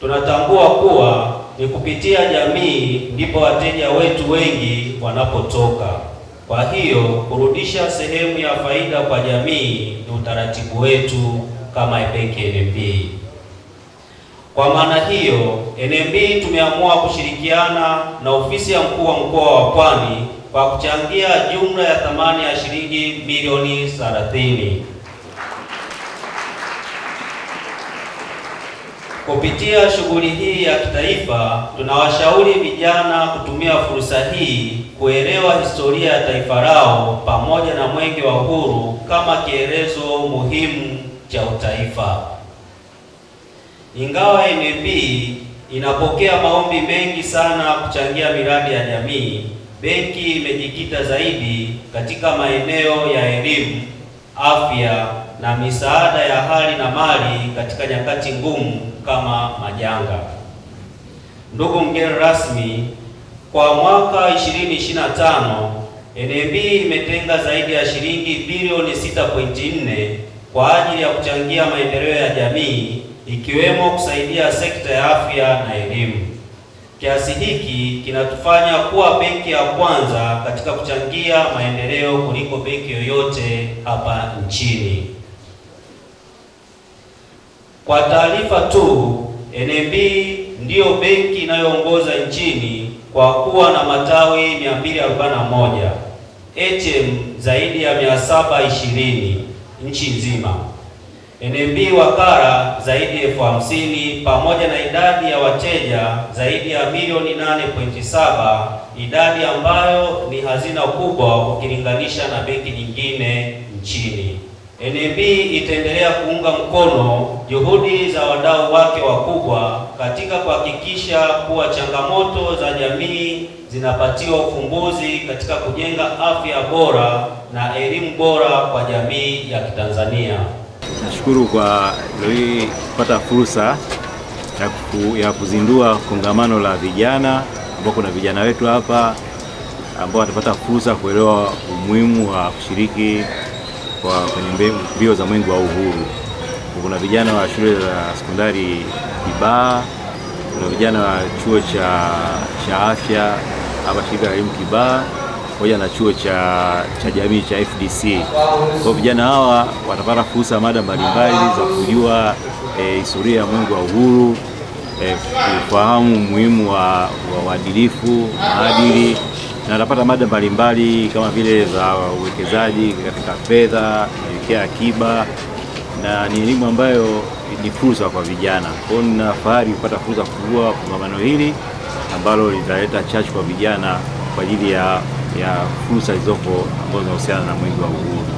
Tunatambua kuwa ni kupitia jamii ndipo wateja wetu wengi wanapotoka. Kwa hiyo kurudisha sehemu ya faida kwa jamii ni utaratibu wetu kama benki NMB. Kwa maana hiyo, NMB tumeamua kushirikiana na ofisi ya mkuu wa mkoa wa Pwani kwa kuchangia jumla ya thamani ya shilingi milioni 30. Kupitia shughuli hii ya kitaifa, tunawashauri vijana kutumia fursa hii kuelewa historia ya taifa lao pamoja na mwenge wa uhuru kama kielezo muhimu cha utaifa. Ingawa NMB inapokea maombi mengi sana kuchangia miradi ya jamii, benki imejikita zaidi katika maeneo ya elimu, afya na misaada ya hali na mali katika nyakati ngumu kama majanga. Ndugu mgeni rasmi, kwa mwaka 2025 NMB imetenga zaidi ya shilingi bilioni 6.4 kwa ajili ya kuchangia maendeleo ya jamii ikiwemo kusaidia sekta ya afya na elimu. Kiasi hiki kinatufanya kuwa benki ya kwanza katika kuchangia maendeleo kuliko benki yoyote hapa nchini. Kwa taarifa tu, NMB ndiyo benki inayoongoza nchini kwa kuwa na matawi 241, ATM zaidi ya 720 nchi nzima, NMB wakala zaidi ya elfu hamsini pamoja na idadi ya wateja zaidi ya milioni 8.7, idadi ambayo ni hazina kubwa ukilinganisha na benki nyingine nchini. NMB itaendelea kuunga mkono juhudi za wadau wake wakubwa katika kuhakikisha kuwa changamoto za jamii zinapatiwa ufumbuzi katika kujenga afya bora na elimu bora kwa jamii ya Kitanzania. Nashukuru kwa hii kupata fursa ya kuzindua kongamano la vijana ambao kuna vijana wetu hapa ambao watapata fursa kuelewa umuhimu wa kushiriki kwa kwenye mbio za mwenge wa uhuru. Kuna vijana wa shule za sekondari kibaa kuna vijana wa chuo cha, cha afya hapa shirika la elimu kibaa pamoja na chuo cha, cha jamii cha FDC. Kwa vijana hawa watapata fursa mada mbalimbali za kujua eh, historia e, ya mwenge wa uhuru eh, kufahamu umuhimu wa uadilifu, maadili na atapata mada mbalimbali kama vile za uwekezaji katika fedha, kuelekea akiba na ni elimu ambayo ni fursa kwa vijana. Kwa hiyo nina fahari kupata fursa kubwa kongamano hili ambalo litaleta chachu kwa vijana kwa ajili ya, ya fursa zilizopo ambazo zinahusiana na mwenge wa uhuru.